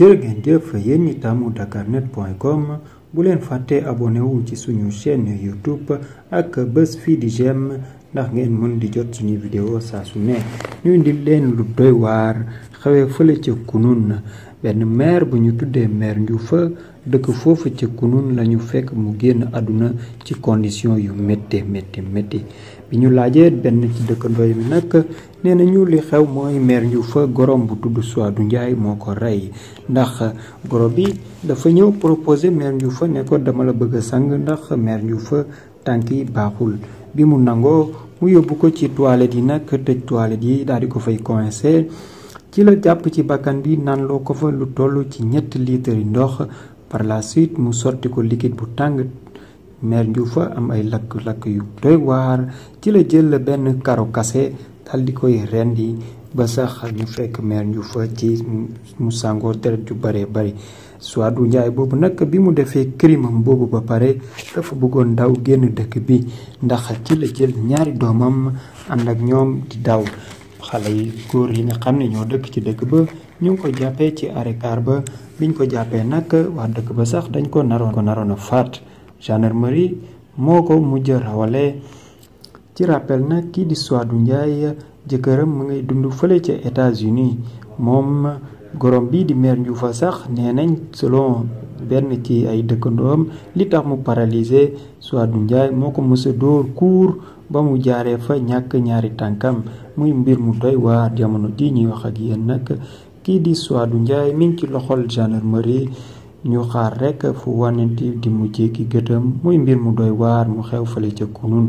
jërë ngeen jëf yéen ñi taamu dakarnet.com bu leen fàtte abonné ci suñu chaîne YouTube ak bës fii di j'aime ndax ngeen mën di jot suñuy vidéo saa su nekk ñu di leen lu doy waar xawee fële ca kunun na benn maire bu ñu tuddee maire Ndioufa dëkk foofu ca kunun la ñu fekk mu génn àdduna ci condition yu métti métti métti bi ñu laajee benn ci dëkkandooy bi nag nee na ñu li xew mooy maire Ndioufa gorom bu tudd soit Souadou Ndiaye moo ko rey ndax goro bi dafa ñëw proposé maire Ndioufa ne ko dama la bëgg a sang ndax maire Ndioufa tànk yi baaxul bi mu nangoo mu yóbbu ko ci toilette yi nag tëj toilet yi daal di ko fay coincé ci la jàpp ci bakkan bi naan loo ko fa lu toll ci ñetti litres yu ndox par la suite mu sotti ko liquide bu tàng mer ju fa am ay lakk-lakk yu doy waar ci la jël benn karo kase dal di koy rendi ba sax ñu fekk meer ñu ci mu sàngoo deret ju bare bari du Njaay boobu nag bi mu defee kirimam boobu ba pare dafa bëggoon daw génn dëkk bi ndax ci la jël ñaari doomam ànd ak ñoom di daw xale yi góor yi nga xam ne ñoo dëkk ci dëkk ba ñu ngi ko jàppee ci arekaar ba biñ ko jàppee nag waa dëkk ba sax dañ ko naroon ko naroon a faat gendarmerie moo ko mujj rawale ci rappel na kii di Souadou Ndiaye jëkkëram mu ngay dund fële ca États-Unis moom gorom bii di maire Ndioufa sax nee nañ selon benn ci ay dëkkandoom li tax mu paralysé du Ndiaye moo ko mësa dóor kuur ba mu jaaree fa ñàkk ñaari tànkam muy mbir mu doy waar jamono ji ñuy wax ak yéen nag kii di Souadou Ndiaye mi ngi ci loxol gendarmerie ñu xaar rekk fu wànnanti di mujjee ki gëtam muy mbir mu doy waar mu xew fale ca kunun